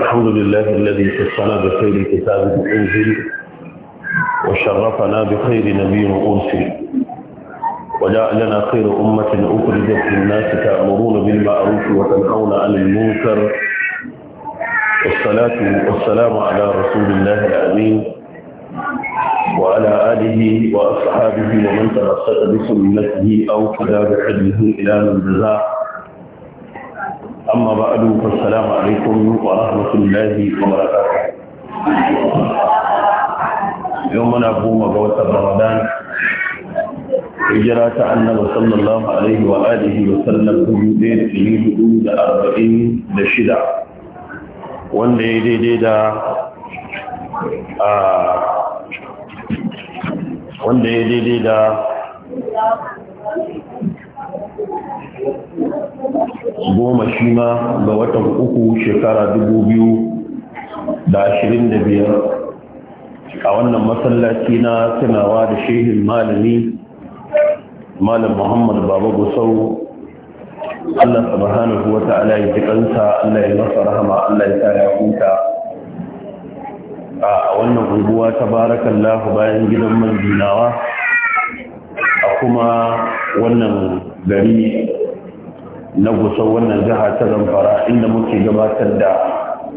الحمد لله الذي خصنا بخير كتاب الانجيل وشرفنا بخير نبي أرسل وجعلنا خير أمة أخرجت للناس تأمرون بالمعروف وتنهون عن المنكر والصلاة والسلام على رسول الله الأمين وعلى آله وأصحابه ومن تمسك بسنته أو كتاب حده إلى من جزاه أما بعد فالسلام عليكم ورحمة الله وبركاته يومنا قوم قوة رمضان hijira ta annaba sallallahu alaihi wa wa sallam dubu ɗaya da ɗari hudu da arba'in da shida daidai da goma shi ma ga watan uku shekara dubu biyu da ashirin da biyar a wannan masallaci na tunawa da shehin malami malam muhammad baba gusau allah subhanahu wa ta'ala ya ji kansa allah ya masa rahama allah ya sa ya huta a wannan unguwa ta lahu bayan gidan manzinawa a kuma wannan gari na gusau wannan jiha ta zamfara inda muke gabatar da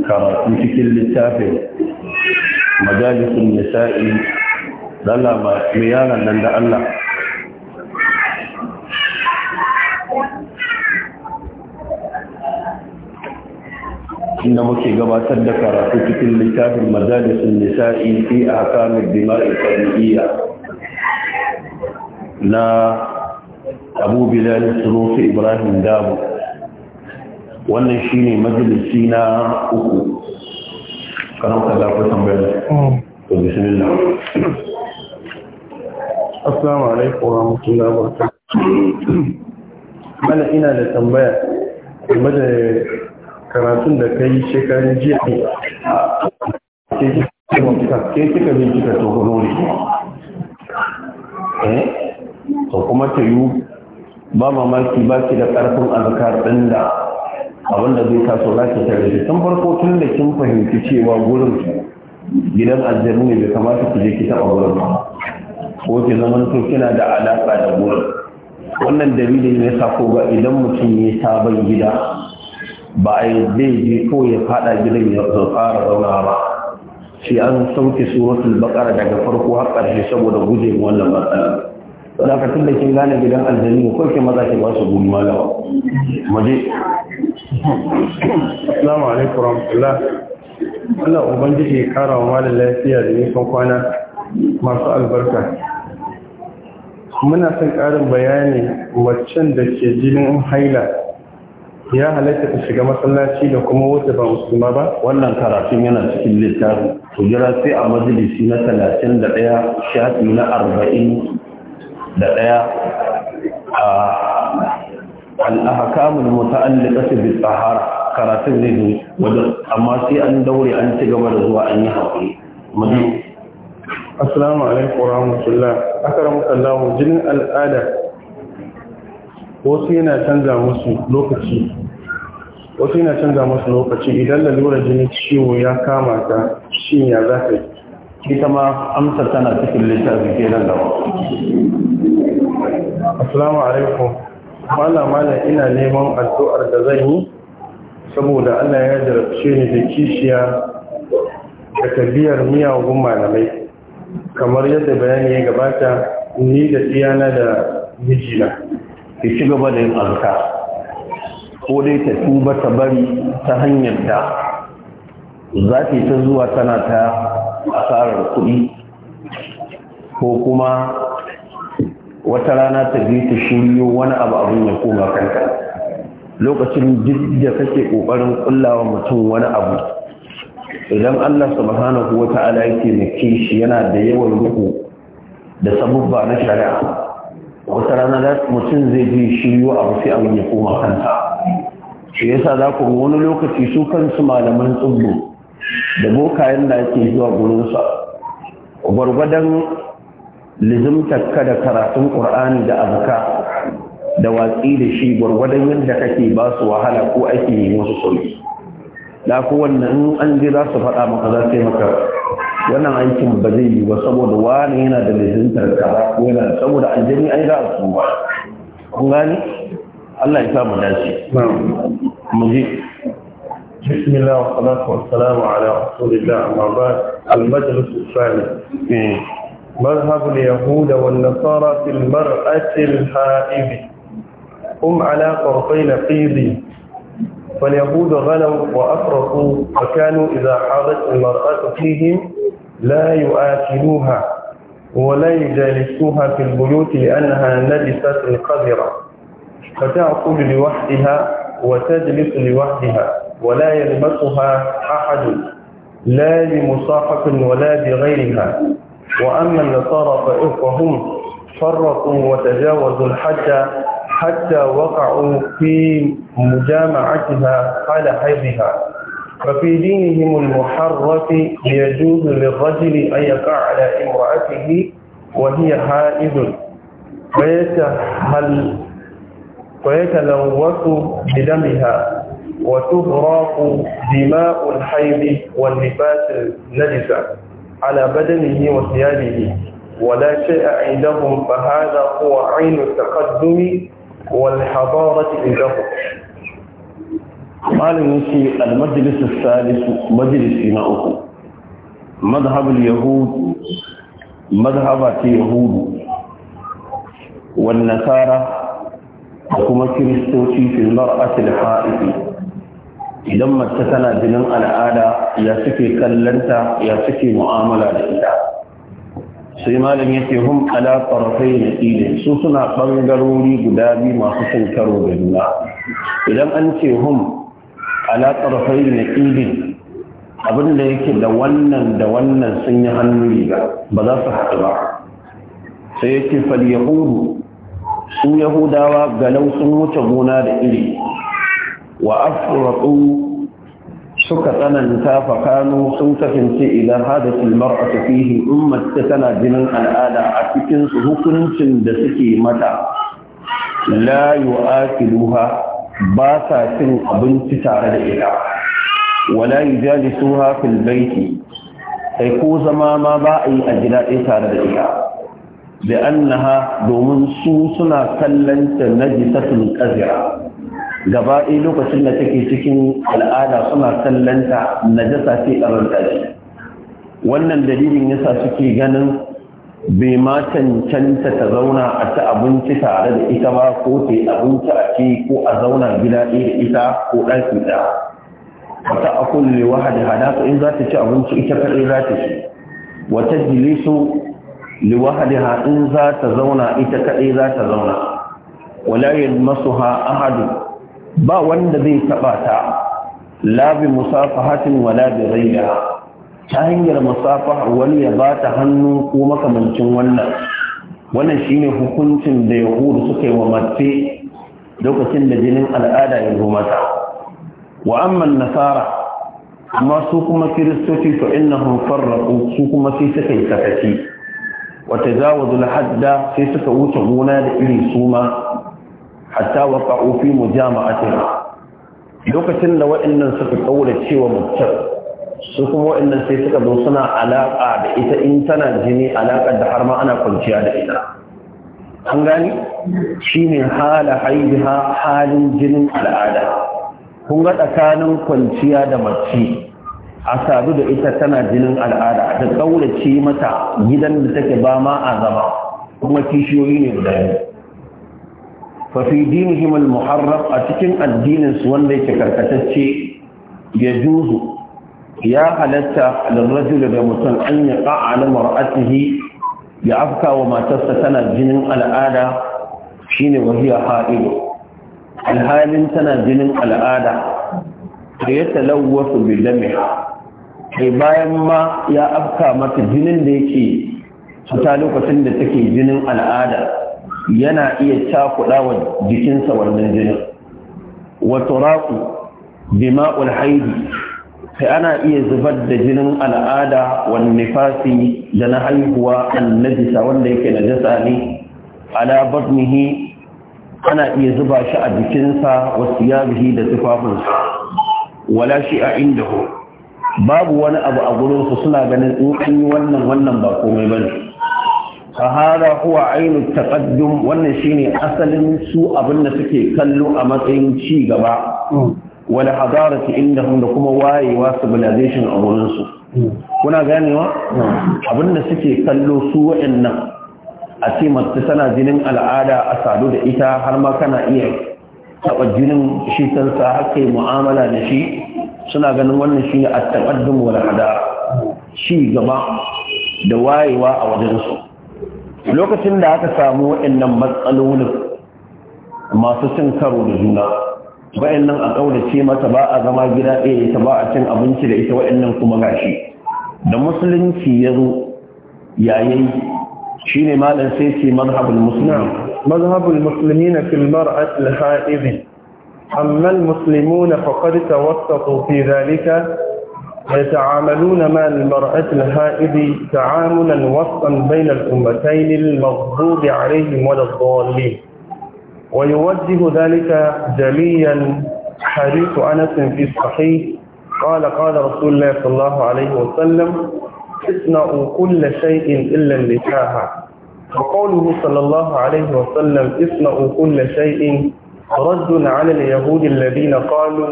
karatu cikin littafin majalisun nisa'i dala mai yaran nan da Allah inda muke gabatar da karatu cikin littafin majalisun nisa'i fi a kamar dima'i na abu bilal surufi ibrahim dabo wannan shine majalisi na uku karanta da tambayar mm. to bismillah assalamu alaikum mana ina da tambaya game da karatun da yi shekarun jiya ke cika bincika to eh to kuma ta yi ba mamaki ba ki da ƙarfin azkar ɗin da abin da zai taso za ki tare da tun farko tun da kin fahimci cewa gurin gidan aljanu ne bai kamata ki je ki taɓa gurin ba ko ki zaman to kina da alaƙa da gurin wannan dalilin ya sa ko ga idan mutum ya sabon gida ba a yi zai je ko ya faɗa gidan ya fara zauna ba shi an sauke suratul baqara daga farko har ƙarshe saboda gujewa wannan matsalar lokacin da kin gane gidan aljani ko ke maza ke ba su gumi malawa maje assalamu alaikum Allah ubangiji ya kara wa malam lafiya da nisan kwana masu albarka muna son karin bayani waccan da ke jinin haila ya halatta ta shiga masallaci da kuma wata ba musulma ba wannan karatun yana cikin littafin jira sai a majalisi na 31 shafi na arba'in. da ɗaya a al'ahakamul muta'alliqatu bis sahara karatun zai zo wajen amma sai an daure an ci gaba da zuwa an yi haƙuri mudu assalamu alaikum rahmatullah akaramu sallahu jinin al'ada wasu yana canza musu lokaci wasu yana canza musu lokaci idan lalura jini ciwo ya kama ta shi ya za ka yi ita ma amsar tana cikin littafi ke nan wa. assalamu alaikum mala mala ina neman addu'ar da zan yi saboda Allah ya jarabce ni da kishiya da tabiyar miyagun malamai kamar yadda bayani ya gabata ni da tsiyana da mijina ki ci gaba da yin alka ko dai ta tuba ta bari ta hanyar da za ta zuwa tana ta asarar kuɗi ko kuma wata rana ta je ta shiryo wani abu abin ya koma kanka lokacin duk da kake ƙoƙarin ƙullawa mutum wani abu idan Allah subhanahu wa ta'ala yake mai shi yana da yawan ruku da sabubba na shari'a wata rana da mutum zai je shiryo abu sai abin ya koma kanta shi yasa za ku wani lokaci su kansu malaman tsubbu da bokayen da ake zuwa gurinsa gwargwadon lizimtar ka da karatun ƙur'ani da abuka da watsi da shi gwargwadon yadda kake ba su wahala ko ake yi musu sauki da kowannan in an ji za su faɗa maka za su yi maka wannan aikin ba zai yi ba saboda wani yana da lizintar kaza ko yana saboda an jami an za a su ba kun gani Allah ya sa mu dace mu je بسم الله والصلاة والسلام على رسول الله أما بعد المجلس الثاني في إيه. مذهب اليهود والنصارى في المرأة الحائض هم على طرفي نقيض فاليهود غلوا وأفرطوا وكانوا إذا حاضت المرأة فيهم لا يؤاكلوها ولا يجالسوها في البيوت لأنها نجست القذرة فتأكل لوحدها وتجلس لوحدها ولا يلمسها أحد لا لمصاحف ولا بغيرها وأما النصارى فهم فرقوا وتجاوزوا الحد حتى وقعوا في مجامعتها على حيضها ففي دينهم المحرف يجوز للرجل أن يقع على امرأته وهي حائض ويتهل ويتلوث بدمها وتغرق دماء الحيض والنفاس النجسة على بدنه وثيابه ولا شيء عندهم فهذا هو عين التقدم والحضارة عندهم قال shi المجلس الثالث مجلس na مذهب اليهود مذهبات اليهود والنصارى da kuma kiristoci fil mar'atil ha'ifi idan mace tana jinin al'ada ya suke kallanta ya suke mu'amala da ita sai malam yace hum ala tarafai na ilin su suna ɓangarori guda biyu masu son karo da juna idan an ce hum ala tarafai na ilin abin yake da wannan da wannan sun yi hannu riga ba za su haɗu ba sai yake fal yahudu su yahudawa galau sun wuce gona da iri wa afraqu suka tsananta fakanu sun kasance idan hadasul mar'atu fihi ta tana jinin al'ada a cikin su hukuncin da suke mata la yu'akiluha ba sa cin abinci tare da ita wala yujalisuha fil baiti sai ko zama ma ba a yi a gida ɗaya tare da ita domin suna دومن سوسنا كلن نجسة قذرة gaba'i lokacin da take cikin al'ada suna na najasa ce a wannan dalilin yasa suke ganin bai ma cancanta ta zauna a ci abinci tare da ita ba ko ta yi abinci a ci ko a zauna gida ɗaya da ita ko ɗaki ɗaya wata a kulle wahada hada in za ta ci abinci ita kaɗai za ta ci wata jilisu liwahadiha in za ta zauna ita kaɗai za ta zauna wala yalmasuha ahadu ba wanda zai taɓa ta labi bi musafahatin wala bi ghayriha ta hanyar musafaha wani ya ba ta hannu ko makamancin wannan wannan shine hukuncin da yahudu suka yi wa mace lokacin da jinin al'ada ya zo mata wa amma nasara amma su kuma kiristoci fa innahum farraqu su kuma sai suka yi sakaci wata jawazul hadda sai suka wuce gona da iri suma hatta waka ofi mu jama'atin lokacin da waɗannan suka ƙaura cewa mutum su kuma waɗannan sai suka zo suna alaƙa da ita in tana jini alaƙa da har ma ana kwanciya da ita an gani shi ne hala haibiha halin jinin al'ada kun ga tsakanin kwanciya da mace a sadu da ita tana jinin al'ada da kaurace mata gidan da take ba ma a zama kuma kishiyoyi ne guda ne fa fi dinihim al-muharram a cikin addinin su wanda yake karkatacce ya juzu ya halatta lirrajul da mutum an ya qa'ala mar'atihi ya afka wa matarsa tana jinin al'ada shine wahiya ha'ilu alhalin tana jinin al'ada da ya talawwasu bi damiha kai bayan ma ya afka mata jinin da yake fita lokacin da take jinin al'ada yana iya cakuɗa wa jikinsa wannan jinin wa turaku dima'ul haidi sai ana iya zubar da jinin al'ada wani nifasi da na haihuwa najisa wanda yake najasa ne ala batnihi ana iya zuba shi a jikinsa wasu yabihi da tufafinsa wala shi a inda babu wani abu a gurin su suna ganin in an yi wannan wannan ba komai bane hada huwa ainu taqaddum wannan shine asalin su abin da suke kallo a matsayin ci gaba wal hadarati indahum da kuma wayewa civilization a gurin su kuna ganewa abin da suke kallo su wa'annan a ce mace tana jinin al'ada a sadu da ita har ma kana iya taɓa jinin shi tansa haka yi mu'amala da shi suna ganin wannan shine a taqaddum wani hadara shi gaba da wayewa a wajen su lokacin da aka samu waɗannan matsalolin masu cin karo da juna waɗannan a ƙaunace mata ba a zama gida ɗaya ita ba a cin abinci da ita waɗannan kuma gashi da musulunci ya zo yayin shi ne malar sai ce mazhabul musulmi mazhabul musulmi na filmar al-ha'izin أما المسلمون فقد توسطوا في ذلك يتعاملون مع المرأة الهائد تعاملا وسطا بين الأمتين المغضوب عليهم ولا الضالين ويوجه ذلك جليا حديث أنس في الصحيح قال قال رسول الله صلى الله عليه وسلم اصنعوا كل شيء إلا النكاح وقوله صلى الله عليه وسلم اصنعوا كل شيء رد على اليهود الذين قالوا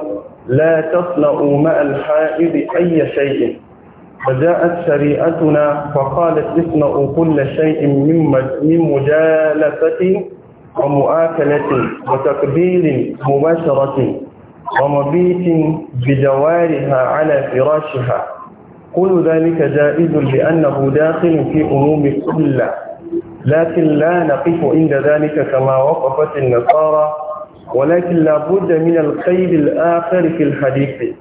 لا تصنعوا ماء الحائض أي شيء فجاءت شريعتنا فقالت اصنعوا كل شيء من مجالسة ومؤاكلة وتقبيل مباشرة ومبيت بجوارها على فراشها كل ذلك جائز لأنه داخل في أموم كل لكن لا نقف عند ذلك كما وقفت النصارى ولكن لابد من القيد الآخر في الحديث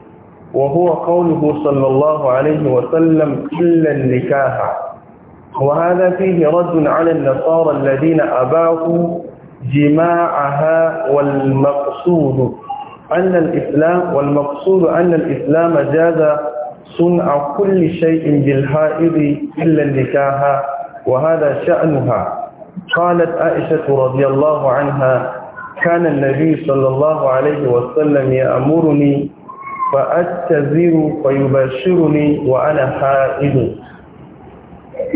وهو قوله صلى الله عليه وسلم إلا النكاح وهذا فيه رد على النصارى الذين اباوا جماعها والمقصود أن الإسلام والمقصود أن الإسلام جاز صنع كل شيء بالحائض إلا النكاح وهذا شأنها قالت عائشة رضي الله عنها كان النبي صلى الله عليه وسلم يأمرني فأتزر فيبشرني وأنا حائد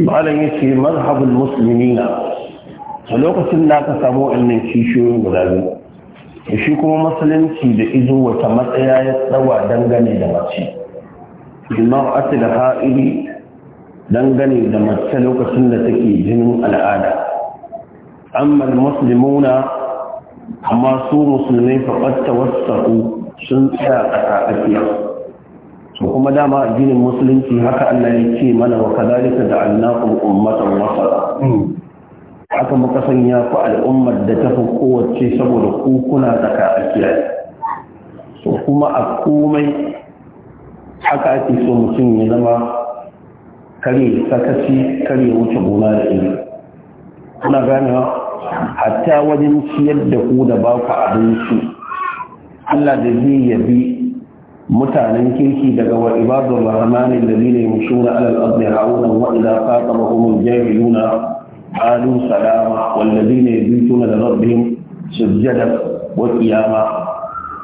على يشي مذهب المسلمين lokacin da aka samo wannan kishiyoyin guda biyu shi kuma musulunci da izo wata matsaya ya tsawa dangane da mace ha'iri dangane da mace lokacin da take jinin al'ada amma musulmuna amma su musulmai faɓar tawassaku sun tsaya a tsakafiya su kuma dama ginin musulunci haka Allah ya ce mana wa kazalika da annakum ummatan wasata hmm. haka muka sanya ku al'ummar da ta fi kowace saboda ku kuna tsakafiya su kuma a komai haka ake so mutum ya zama kare sakaci kare wuce gona da ilimi kuna ganewa hatta wajen ciyar da ku da ba ku abinci Allah da zai yabi mutanen kirki daga wa ibadur rahman alladhina yamshuna ala al-ardi hawlan wa idha qatabahum al-jahiluna qalu salama walladhina yabituna li rabbihim sujjadan wa qiyama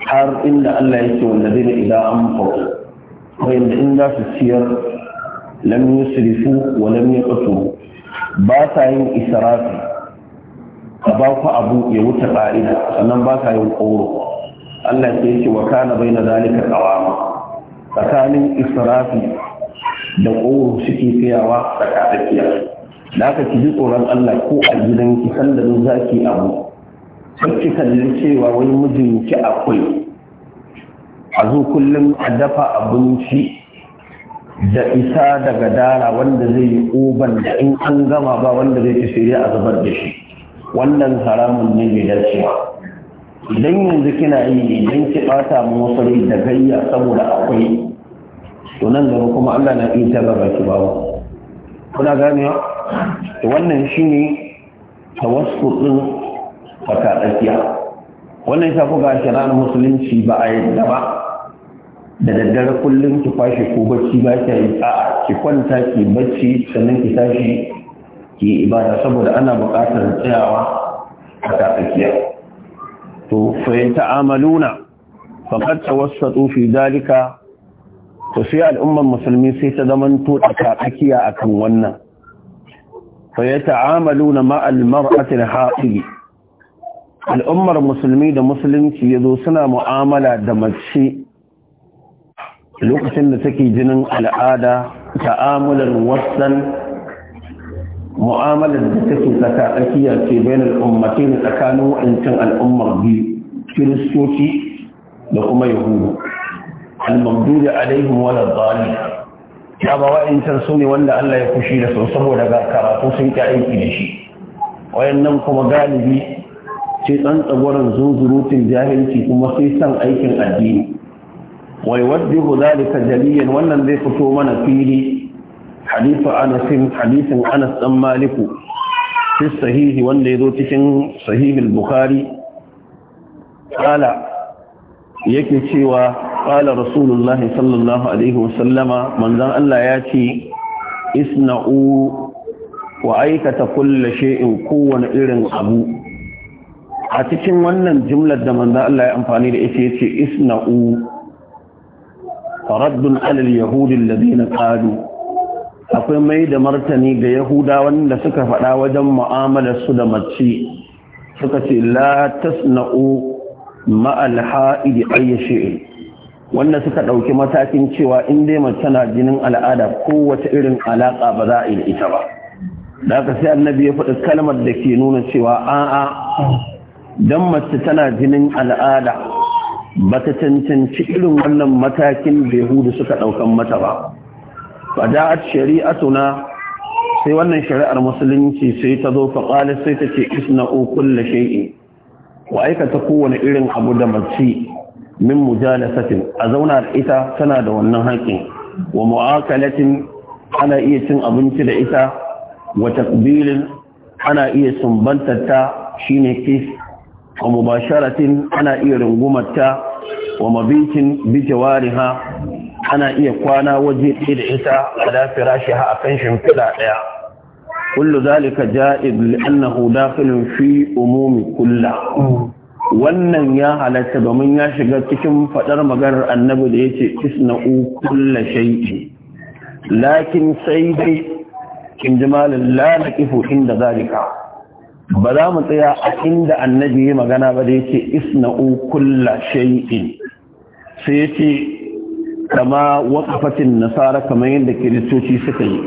har inda Allah yake walladhina idha anfaqu wa inda in za su ciyar lam yusrifu wa lam yaqtu ba sa yin israfi a ba ku abu ya wuce ƙa'ida sannan ba ka yin ƙoro Allah ke ce wa kana bai na zalika ƙawama tsakanin israfi da ƙoro suke tsayawa tsakatsakiya da aka ki ji tsoron Allah ko a gidan ki sanda za ki abu ki kalli cewa wani mijin ki akwai a zo kullum a dafa abinci da isa daga dara wanda zai yi oban da in an gama ba wanda zai ci shirya a zubar da shi wannan haramun ne mai dace ba idan yanzu kina yi idan ki bata mu wasu da gayya saboda akwai to nan gaba kuma Allah na iya jarraba ki ba kuna gane to wannan shine tawassul din fata tsakiya wannan ya ku ga shirar musulunci ba a yadda ba da daddare kullum ki fashi ko bacci ba ki yi a'a ki kwanta ki bacci sannan ki tashi ki ibada saboda ana buƙatar tsayawa a tsakiya to fa yata'amaluna faqad tawassatu fi dalika to sai al'ummar musulmi sai ta zaman to tsakiya akan wannan fa yata'amaluna ma'al mar'atil haqiqi al'ummar musulmi da musulunci ya zo suna mu'amala da mace lokacin da take jinin al'ada ta'amular wasan mu'amalar da take tsaka tsakiya ce bainal ummatin tsakanin wa'ancan al'ummar biyu kiristoci da kuma yahudu al-mabdudi alaihim wala dhalim ya ba wa'ancan su ne wanda Allah ya kushi da su saboda ga karatu sun ki aiki da shi wayannan kuma galibi ce dan tsagoran zunzurutun jahilci kuma sai san aikin addini wai wadda zalika jaliyan wannan zai fito mana fili hadithu anasin hadithin anas dan maliku fi sahihi wanda ya zo cikin sahihul bukhari qala yake cewa qala rasulullah sallallahu alaihi wasallama manzon Allah ya ce isna'u wa aikata kulli shay'in kowane irin abu a cikin wannan jimlar da manzon Allah ya amfani da ita yace isna'u faraddun alal yahudi alladhina qalu akwai mai da martani ga yahuda wanda suka faɗa wajen mu'amalar su da mace suka ce la tasna'u ma'al ha'idi ayyashe wanda suka ɗauki matakin cewa in dai mace na jinin al'ada kowace irin alaƙa ba za a yi ita ba da aka sai annabi ya faɗi kalmar da ke nuna cewa a'a dan mace tana jinin al'ada ba ta cancanci irin wannan matakin da yahudu suka ɗaukan mata ba fada'at shari'atuna sai wannan shari'ar musulunci sai ta zo faƙalis sai ta ce isna'u kulla shay'i wa aikata kowane irin abu da mace min mujalasatin a zauna da ita tana da wannan haƙin wa mu'akalatin ana iya cin abinci da ita wa takbilin ana iya sumbantar ta shine kis wa mubasharatin ana iya ta, wa mabikin bijawariha ana iya kwana waje ɗaya da ita a ala firashi ha kan shimfiɗa ɗaya kullu zalika ja'id li'annahu dakhilun fi umumi kulla wannan ya halatta domin ya shiga cikin faɗar maganar annabi da yace isna'u kulla shay'i lakin sai dai kin ji malin lalakifu inda zalika ba za mu tsaya a inda annabi ya magana ba da yace isna'u kulla shay'in sai yace kama waqafatin nasara kamar yadda kiristoci suka yi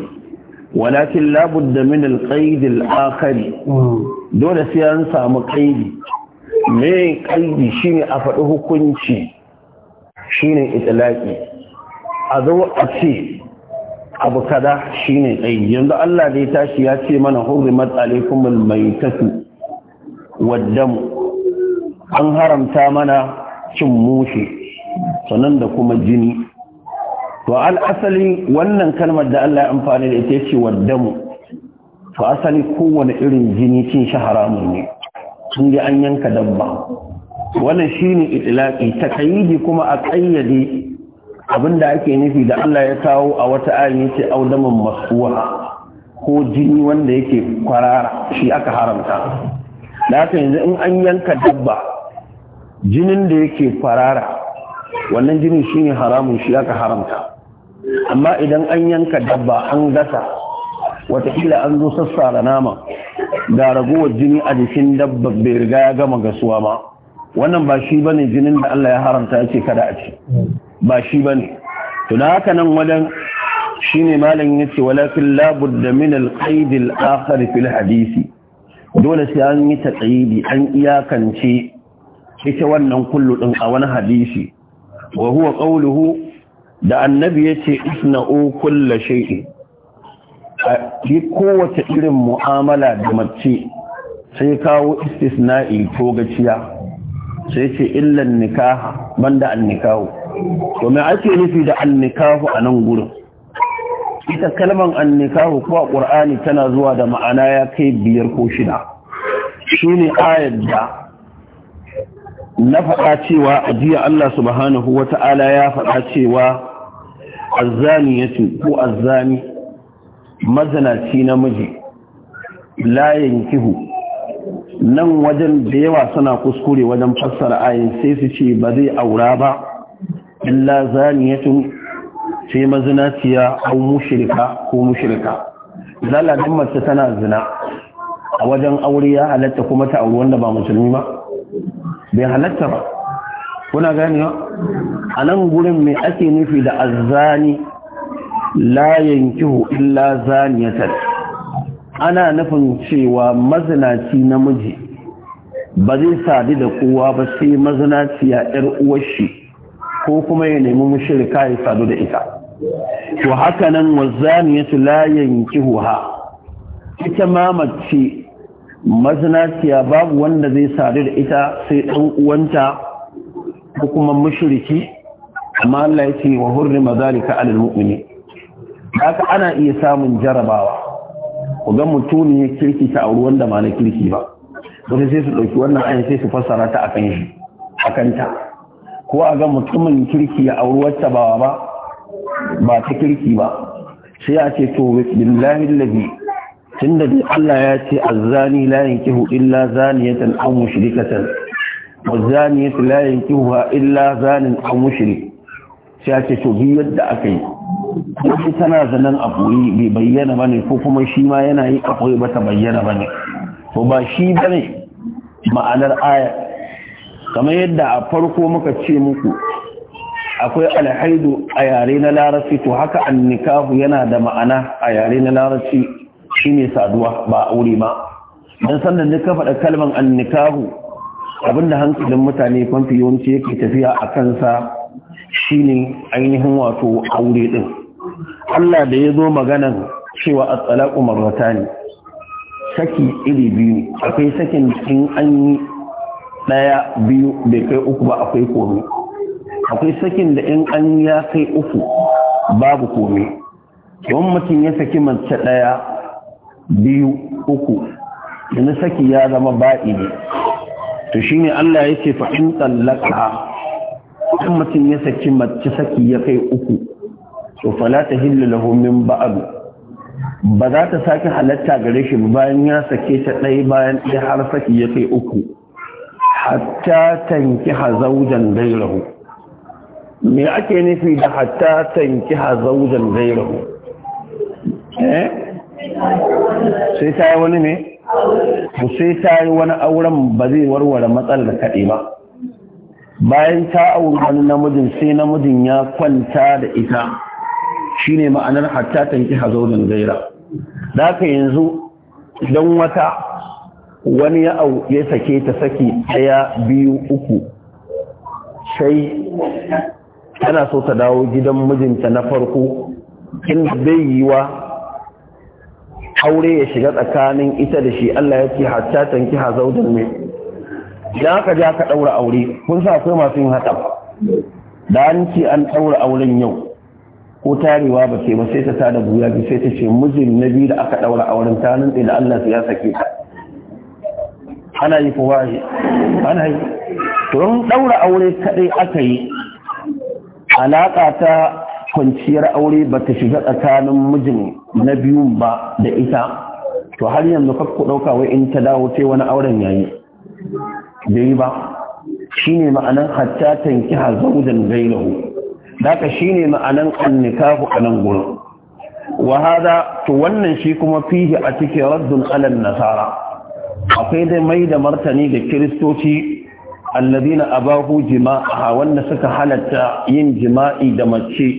walakin labudda min alqaid alakhari dole sai an samu ka'idi. me ƙaidi shine a faɗi hukunci shine itlaqi a zo a ce abu kada shine qaidi yanzu Allah da ya tashi ya ce mana hurrimat alaikum almaytatu waddam an haramta mana cin mushi, sannan da kuma jini to al asali wannan kalmar da Allah ya amfani da ita ce waddamu to asali kowane irin jini cin shi haramun ne sun ji an yanka dabba wannan shine ta takayyidi kuma a kayyade abinda ake nufi da Allah ya kawo a wata ayin yace audaman masuwa ko jini wanda yake kwara shi aka haramta da haka yanzu in an yanka dabba jinin da yake kwarara wannan jinin shine haramun shi aka haramta amma idan an yanka dabba an gasa watakila an zo sassara nama ga ragowar jini a jikin dabba bai riga ya gama gasuwa ma wannan ba shi bane jinin da Allah ya haramta yake kada a ci ba shi bane to da haka nan wajen shine malam yace walakin la budda min al qaid al akhar hadisi dole sai an yi taqidi an iyakance ita wannan kullu din a wani hadisi wa huwa qawluhu da annabi ya ce isna'u kulla shay'i a yi kowace irin mu'amala da mace sai kawo istisna'i ko gaciya sai ce illan nikaha an annikahu to me ake nufi da an annikahu a nan gurin ita kalman annikahu ko a ƙur'ani tana zuwa da ma'ana ya kai biyar ko shida ne ayar da na faɗa cewa a jiya Allah subhanahu wa ta'ala ya faɗa cewa azzani ya ce ko azzani mazanaci namiji layin kihu nan wajen da yawa suna kuskure wajen fassara ayin sai su ce ba zai aura ba illa zaniyatun sai mazinaciya au mushrika ko mushrika laladin mace tana zina a wajen aure ya halatta kuma ta auri wanda ba musulmi ba bai halatta ba kuna gani a nan gurin mai ake nufi da azzani la kiho illa zaniyatan ana nufin cewa mazinaci namiji ba zai sadu da kowa ba sai mazinaci ya yar uwar shi ko kuma ya nemi mashirka ya sadu da ita to haka nan wazaniyatu la kiho ha ita mamaci. mazinaciya babu wanda zai sadu da ita sai ɗan uwanta ko kuma mashiriki amma Allah ya ce wa hurri mazalika alal mu'mini haka ana iya samun jarabawa ku ga mutum ya kirki ta auri wanda ma na kirki ba wata sai su ɗauki wannan ayin sai su fassara ta akan shi akan ta ko a ga mutumin kirki ya auri wacce ba ba ba ta kirki ba sai a ce to billahi allazi tunda dai Allah ya ce azzani la yankihu illa zaniyatan aw mushrikatan wazaniyatu la yankihuha illa zanin aw mushrik sai ya to bi yadda aka yi shi tana zanen a koyi bai bayyana bane ko kuma shi ma yana yi a koyi bata bayyana bane to ba shi bane ma'anar aya kamar yadda a farko muka ce muku akwai alhaidu a yare na larabci to haka annikahu yana da ma'ana a yare na larabci Shi ne saduwa ba aure ba dan sannan ne ka faɗa kalman annikahu abinda hankalin mutane kwamfi yawanci yake tafiya a kansa shi ne ainihin wato aure ɗin. Allah da ya zo maganar cewa at-talaqu marratani saki iri biyu akwai sakin in an yi ɗaya biyu bai kai uku ba akwai komi akwai sakin da in an ya kai uku babu komi don mutum ya saki mace ɗaya biyu uku da na saki ya zama ba'i ne to shine Allah yake fa in tallaka in mutum ya saki mace saki ya kai uku to fala tahillu lahu min ba'd ba za ta sake halatta gare shi bayan ya sake ta ɗaya bayan ɗaya har saki ya kai uku hatta tanki hazaujan gairahu me ake nufi da hatta tanki hazaujan gairahu eh sai ta yi wani ne sai ta yi wani auren ba zai warware matsalar kaɗe ba bayan ta auri wani namijin sai namijin ya kwanta da ita shine ma'anar hatta tanki hazaudin gaira da haka yanzu don wata wani ya sake ta saki ɗaya biyu uku sai tana so ta dawo gidan mijinta na farko inda bai wa. aure ya shiga tsakanin ita da shi Allah ya ce hatta tankiha zaujan mai idan aka ja ka daura aure kun sa akwai masu yin haɗa da an ce an daura auren yau ko tarewa ba ce ba sai ta tada buya bi sai ta ce mijin na biyu da aka daura auren ta nan da Allah ya sake ta ana yi kowa ana yi to daura aure kadai aka yi alaka ta kwanciyar aure ba ta shiga tsakanin mijin na biyu ba da ita to har yanzu ka ku ɗauka wai in ta dawo sai wani auren yayi yi ba shine ma'anan hatta tankiha zawjan ghayrahu daka shine ma'anan annikahu anan gurin wa hada to wannan shi kuma fihi a cikin raddun alal nasara akwai dai mai da martani da kiristoci alladina abahu jima'a wanda suka halatta yin jima'i da mace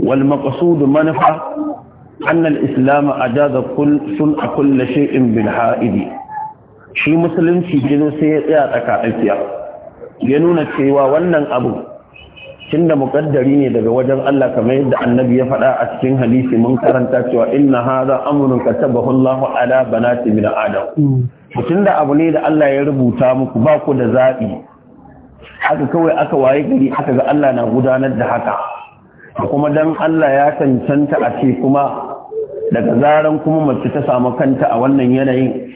wal maqsud manfa أن الإسلام أجاز a سنع كل شيء بالحائد shi musulunci jino sai ya tsaya tsaka tsakatsakiya ya nuna cewa wannan abu tunda da muƙaddari ne daga wajen Allah kamar yadda annabi ya faɗa a cikin hadisi mun karanta cewa inna hadha amrun katabahu Allahu ala banati min adam mutum da abu ne da Allah ya rubuta muku ba ku da zaɓi haka kawai aka waye gari aka ga Allah na gudanar da haka kuma dan Allah ya cancanta a ce kuma daga zaran kuma mace ta samu kanta a wannan yanayin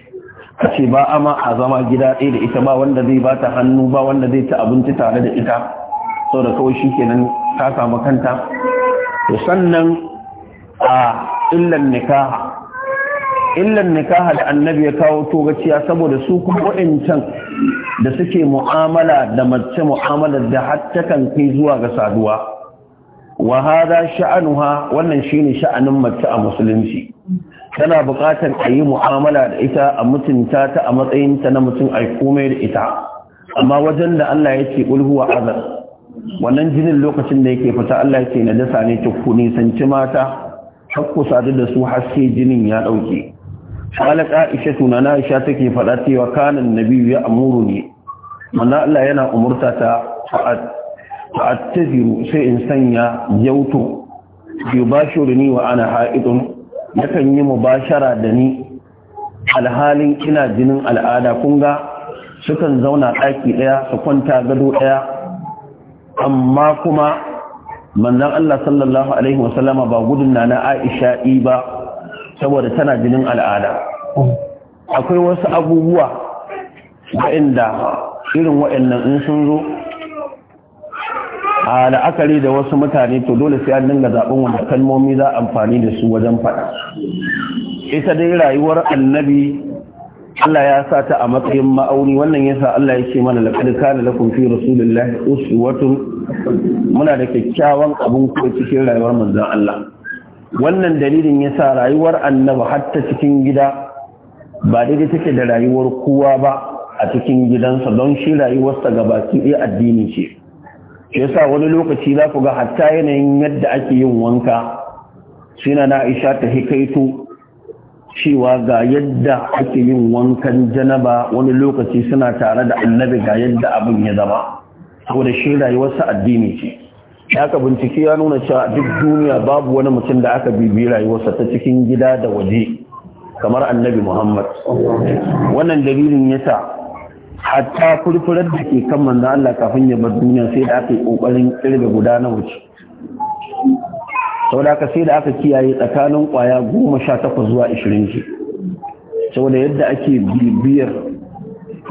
a ce ba ama a zama gida ɗaya da ita ba wanda zai bata hannu ba wanda zai ta abinci tare da ita sau da kawai shi kenan ta samu kanta to sannan a illan nikaha illan nikaha da annabi ya kawo togaciya saboda su kuma da suke mu'amala da mace mu'amala da hatta kan kai zuwa ga saduwa wa hada sha'anuha wannan shine sha'anin mace a musulunci tana buƙatar a yi mu'amala da ita a mutunta ta a matsayin ta na mutum a komai da ita amma wajen da Allah ya ce azar wannan jinin lokacin da yake fita Allah ya ce na dasa ne ta ku nisanci mata hakku sadu da su haske jinin ya ɗauke qalat aisha tuna aisha take fada cewa kanan Nabiyu ya amuru ne manzo Allah yana umurta ta fa attaziru sai in sanya yauto yubashiruni wa ana haidun yakan yi mubashara da ni alhalin ina jinin al'ada kunga sukan zauna daki daya su kwanta gado daya amma kuma manzo Allah sallallahu alaihi wasallama ba gudun na na aisha ba saboda tana jinin al'ada akwai wasu abubuwa waɗanda irin waɗannan in sun zo a la'akari da wasu mutane to dole sai an dinga zaɓen wanda kalmomi za a amfani da su wajen faɗa ita dai rayuwar annabi Allah ya sa ta a matsayin ma'auni wannan yasa Allah ya ce mana laqad kana lakum fi rasulillahi uswatun muna da kyakkyawan abun ko cikin rayuwar manzon Allah wannan dalilin ya sa rayuwar annaba hatta cikin gida ba daidai take da rayuwar kowa ba a cikin gidansa don shi rayuwarsa gabaki ɗaya addini ce shi yasa wani lokaci za ku ga hatta yanayin yadda ake yin wanka suna na aisha ta hikaito cewa ga yadda ake yin wankan janaba wani lokaci suna tare da annabi ga yadda abin ya zama saboda shi rayuwarsa addini ce ya ka bincike ya nuna cewa duk duniya babu wani mutum da aka bibi rayuwarsa ta cikin gida da waje kamar annabi muhammad wannan dalilin ya sa hatta furfurar da ke kan manzan Allah kafin ya bar duniya sai da aka yi kokarin kirga guda na wuce saboda sai da aka kiyaye tsakanin kwaya goma sha takwas zuwa ishirin ce saboda yadda ake bibiyar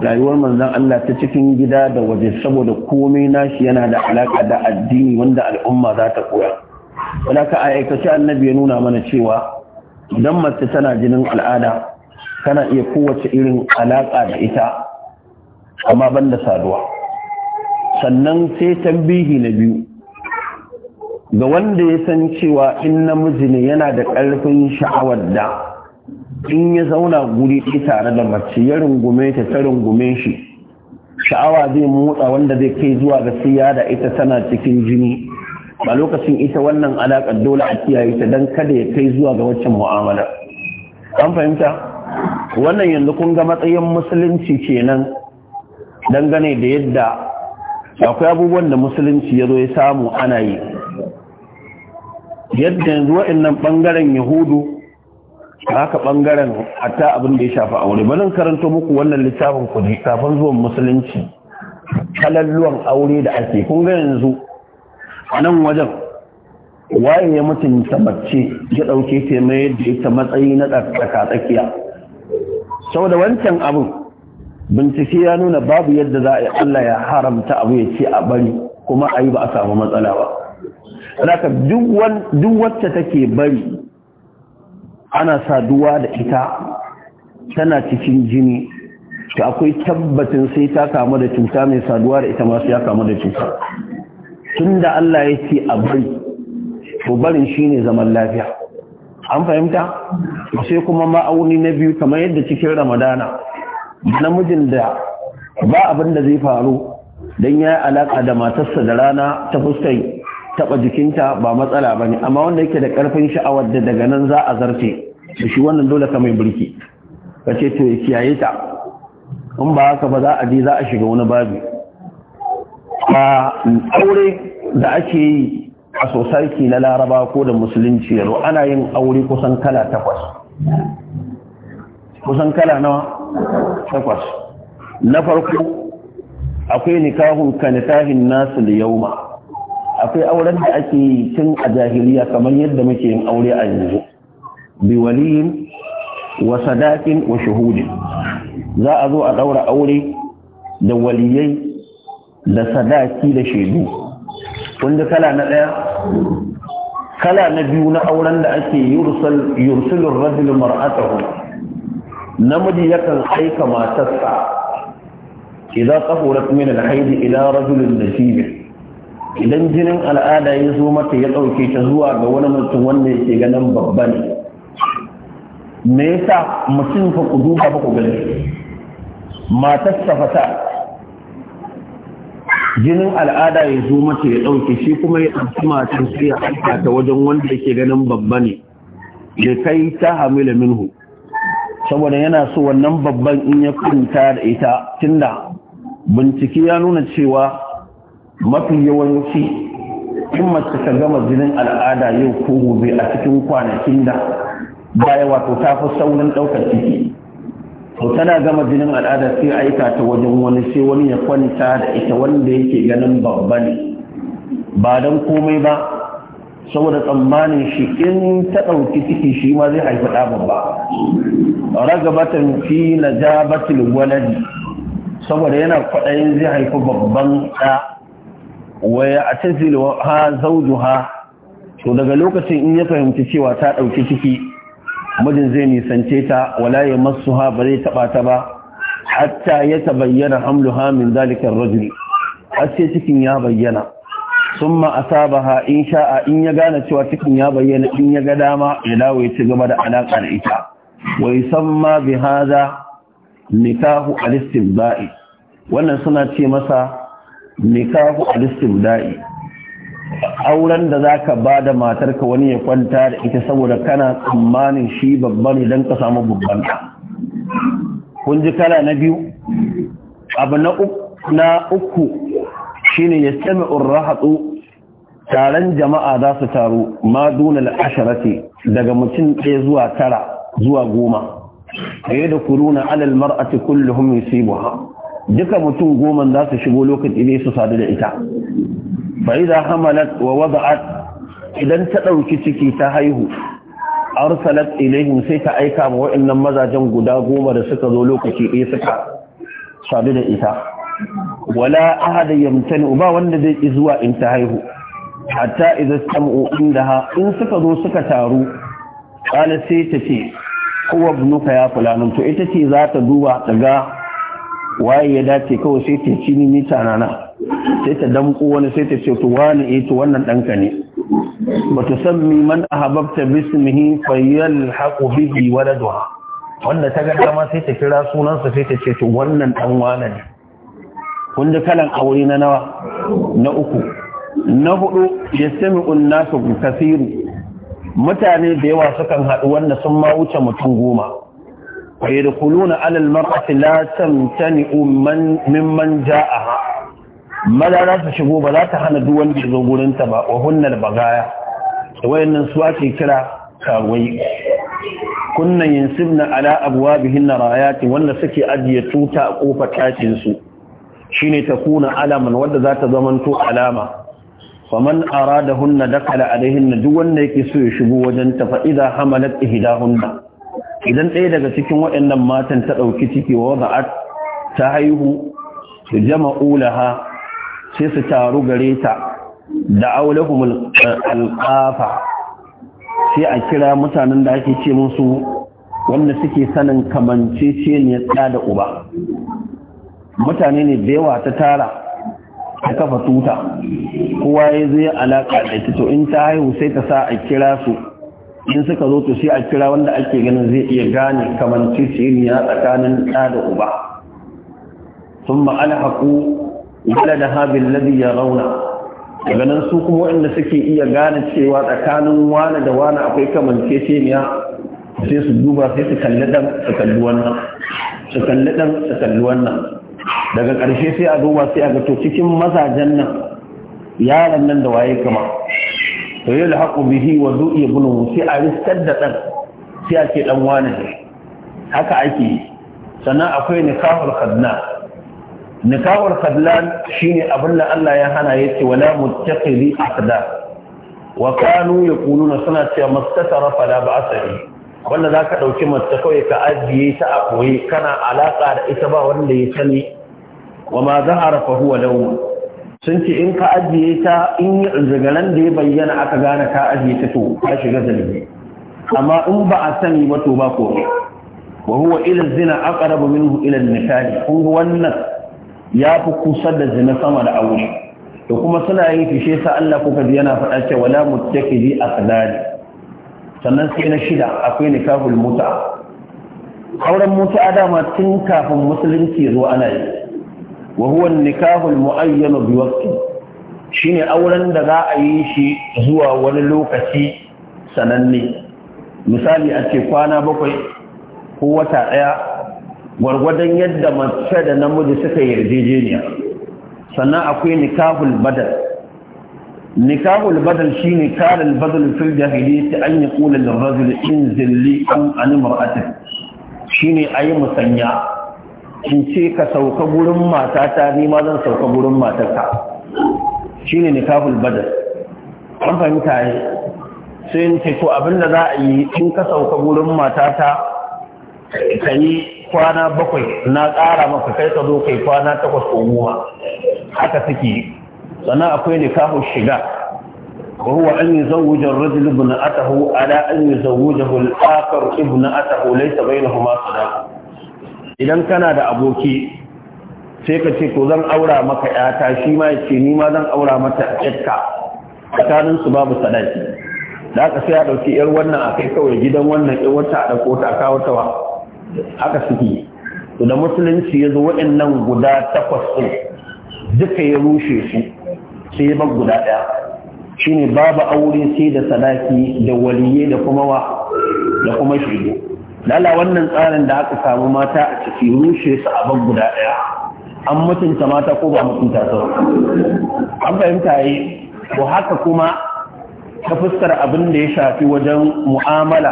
rayuwar manzon Allah ta cikin gida da waje saboda komai nashi yana da alaka da addini wanda al'umma za ta koya Wanda a aikace annabi ya nuna mana cewa idan mace tana jinin al'ada tana iya kowace irin alaƙa da ita amma banda saduwa sannan sai tambihi na biyu ga wanda ya san cewa in namiji ne yana da ƙarfin sha'awar da in ya zauna guri ɗi tare da mace ya rungume ta ta rungume shi sha'awa zai motsa wanda zai kai zuwa ga siya da ita tana cikin jini ba lokacin ita wannan alaƙar dole a kiyaye ta don kada ya kai zuwa ga waccan mu'amala an fahimta wannan yanzu kun ga matsayin musulunci kenan dangane da yadda akwai abubuwan da musulunci ya zo ya samu ana yi yadda yanzu waɗannan ɓangaren yahudu haka bangaren hatta abin da ya shafi aure barin karanto muku wannan littafin ku kafin zuwan musulunci kalalluwan aure da ake kun ga yanzu a nan wajen waye ya mutunta mace ya dauke ta mai yadda ita matsayi na tsaka tsakiya da wancan abin bincike ya nuna babu yadda za a yi Allah ya haramta abu ya ce a bari kuma a yi ba a samu matsala ba. duk wacce take bari ana saduwa da ita tana cikin jini ta akwai tabbatin sai ta kamu da cuta mai saduwa da ita masu ya kamu da cuta tun da Allah ya ce a bari to barin shi ne zaman lafiya an fahimta sai kuma ma'auni na biyu kamar yadda cikin ramadana namijin da ba abin da zai faru don ya yi alaƙa da matarsa da rana ta fuskai taba jikinta ba matsala ba ne amma wanda yake da karfin sha'awar da daga nan za a zarce da shi wannan dole ka mai burki ka ce to kiyaye ta in ba haka ba za a je za a shiga wani babu a aure da ake yi a sosai na laraba ko da musulunci yaro ana yin aure kusan kala takwas kusan kala nawa takwas na farko akwai nikahun kanitahin nasu da yauma akwai auren da ake yi tun a jahiliya kamar yadda muke yin aure a yanzu bi waliyin wa sadakin wa shuhudin za a zo a daura aure da waliyai da sadaki da shaidu wanda kala na daya kala na biyu na auren da ake yursal yursilur rajul mar'atahu namiji yakan aika matarsa idan tsahurat min al-hayd ila rajulin nasibin idan jinin al'ada ya zo mata ya ɗauke ta zuwa ga wani mutum wanda yake ganin babba ne me yasa mutum fa ku duba ba ku gani matar safata jinin al'ada ya zo mata ya ɗauke shi kuma ya ɗauki matar sai ya aika ta wajen wanda yake ganin babba ne da kai ta hamila minhu saboda yana so wannan babban in ya kunta da ita tunda bincike ya nuna cewa mafi yawanci in mace ta gama jinin al'ada yau ko gobe a cikin kwanakin da baya wato ta fi saurin ɗaukar ciki to tana gama jinin al'ada sai aika ta wajen wani sai wani ya kwanta da ita wanda yake ganin babba ne ba don komai ba saboda tsammanin shi in ta ɗauki ciki shi ma zai haifi ɗa babba ragabatan fi najabatil waladi saboda yana kwaɗayin zai haifi babban ɗa wa ya'tazil ha ha to daga lokacin in ya fahimci cewa ta dauki ciki mijin zai nisance ta wala ya masu ha ba zai taba ta ba hatta ya tabayyana hamluha min zalika ar-rajul cikin ya bayyana summa asabaha in sha'a in ya gane cewa cikin ya bayyana in ya ga dama ya dawo ya ci gaba da alaka da ita wa yusamma bi hadha nikahu alistiba'i wannan suna ce masa nikahu al-istibda'i auren da zaka da matarka wani ya kwanta da ita saboda kana tsammanin shi babban idan ka samu babban kun ji kala na biyu abu na uku na uku shine yastami'ur rahatu taron jama'a za su taru ma dunal asharati daga mutum ɗaya zuwa tara zuwa goma da da kuruna alal mar'ati kulluhum yusibuha duka mutum goma za su shigo lokaci ne su sadu da ita fa hamalat wa wada'at idan ta ɗauki ciki ta haihu arsalat ilaihim sai ta aika ma wa'annan mazajen guda goma da suka zo lokaci ɗaya suka sadu da ita wala ahada yamtani ba wanda zai ki zuwa in ta haihu hatta idza inda ha! in suka zo suka taru qala sai ta ce huwa ibnuka ya fulanu to ita ce za ta duba ta ga waye ya dace kawai sai ta ci ni mita na sai ta damko wani sai ta ce to wani eh to wannan danka ne ba ta san mi man ahabbta bismihi fa yalhaqu bihi waladuha wanda ta ga dama sai ta kira sunansa sai ta ce to wannan dan wani ne kun ji kalan aure na nawa na uku na hudu Ya an-nasu kasiru mutane da yawa sukan haɗu wanda sun ma wuce mutum goma ويدخلون على المرأة لا تمتنئوا من ممن جاءها ماذا لا تشبوا بلا تحن دوان بزغول انتبا وهن البغايا وإن سواتي كلا كاوي كنا ينسبن على أبوابهن رايات وأن سكي أدي توتا أقوفة كاتنسو شين تكون علما ود ذات زمنتو علامة فمن أرادهن دخل عليهن دوان ليكسو يشبوا وجنت فإذا حملت إهداهن idan ɗaya daga cikin waɗannan matan ta ɗauki ciki wa za'at ta haihu su jama'u laha sai su taru gare ta da aulahumul eh, alqafa sai a kira mutanen da ake ce musu wanda suke sanin ce ne ya da uba mutane ne da yawa ta tara ta kafa tuta kowa ya zai alaƙa da ita to in ta haihu sai ta sa a kira su in suka zo to sai a kira wanda ake ganin zai iya gane kamar ciciniya tsakanin ɗa da uba sun ma'ana haku wala da habin ladi ya rauna daga nan su kuma waɗanda suke iya gane cewa tsakanin wane da wane akwai kamar ciciniya sai su duba sai su kalli ɗan su kalli wannan su kalli ɗan su kalli wannan daga ƙarshe sai a duba sai a ga to cikin mazajen nan yaran nan da waye kama to yi haƙu bihi wa zu'i bunu sai a riskar da ɗan sai a ɗan wani da haka ake yi sannan akwai nikahul khadna nikahul khadlan shine abin da Allah ya hana ya yace wala muttaqili aqda wa kanu yaquluna suna cewa mastatara fala sani. wanda zaka ɗauki mace kawai ka ajiye ta a koyi kana alaka da ita ba wanda ya sani wa ma a fa huwa lawm sun ce in ka ajiye ta in zagaran da ya bayyana aka gane ka ajiye ta to ka shiga zalimi amma in ba a sani ba to ba ko wa huwa ila zina aqrabu minhu ila an-nikahi kun wannan ya fi kusa da zina sama da aure to kuma suna yin fishe sa Allah kuka ji yana faɗa cewa la muttakizi aqlali sannan sai na shida akwai nikahul muta auren muta dama tun kafin musulunci zo ana yi wa huwa an-nikahu muayyan bi waqti shine auren da za a yi shi zuwa wani lokaci sananne misali a ce kwana bakwai ko wata daya gwargwadon yadda mace da namiji suka yarjejeniya sannan akwai nikahul badal nikahul badal shine karal badal fil jahiliyyati an yaqula lirajul inzil li an an mar'atin shine ayi musanya in ce ka sauka gurin matata ni ma zan sauka gurin matarka ne nikahul badar an fahimta ne sai in ce to abinda za a yi in ka sauka gurin matata ka yi kwana bakwai na ƙara maka kai ka zo kai kwana takwas ko goma haka suke sannan akwai nikahul shiga وهو أن يزوج الرجل أته على أن يزوجه الآخر أته ليس بينهما صداق idan kana da aboki sai ka ce ko zan aura maka yata shi ma ya ce ni ma zan aura mata yakka tsakanin su babu sadaki da aka sai a dauki yar wannan a kai kawai gidan wannan yar wata a dauko ta kawo ta wa aka suke to da musulunci ya zo waɗannan guda takwas ɗin duka ya rushe su sai ya bar guda ɗaya shine babu aure sai da sadaki da waliye da kuma wa da kuma shigo lala wannan tsarin da aka samu mata a ciki rushe su abin guda ɗaya an mutunta mata ko ba mutunta su an fahimta yi ko haka kuma ta fuskar abin da ya shafi wajen mu'amala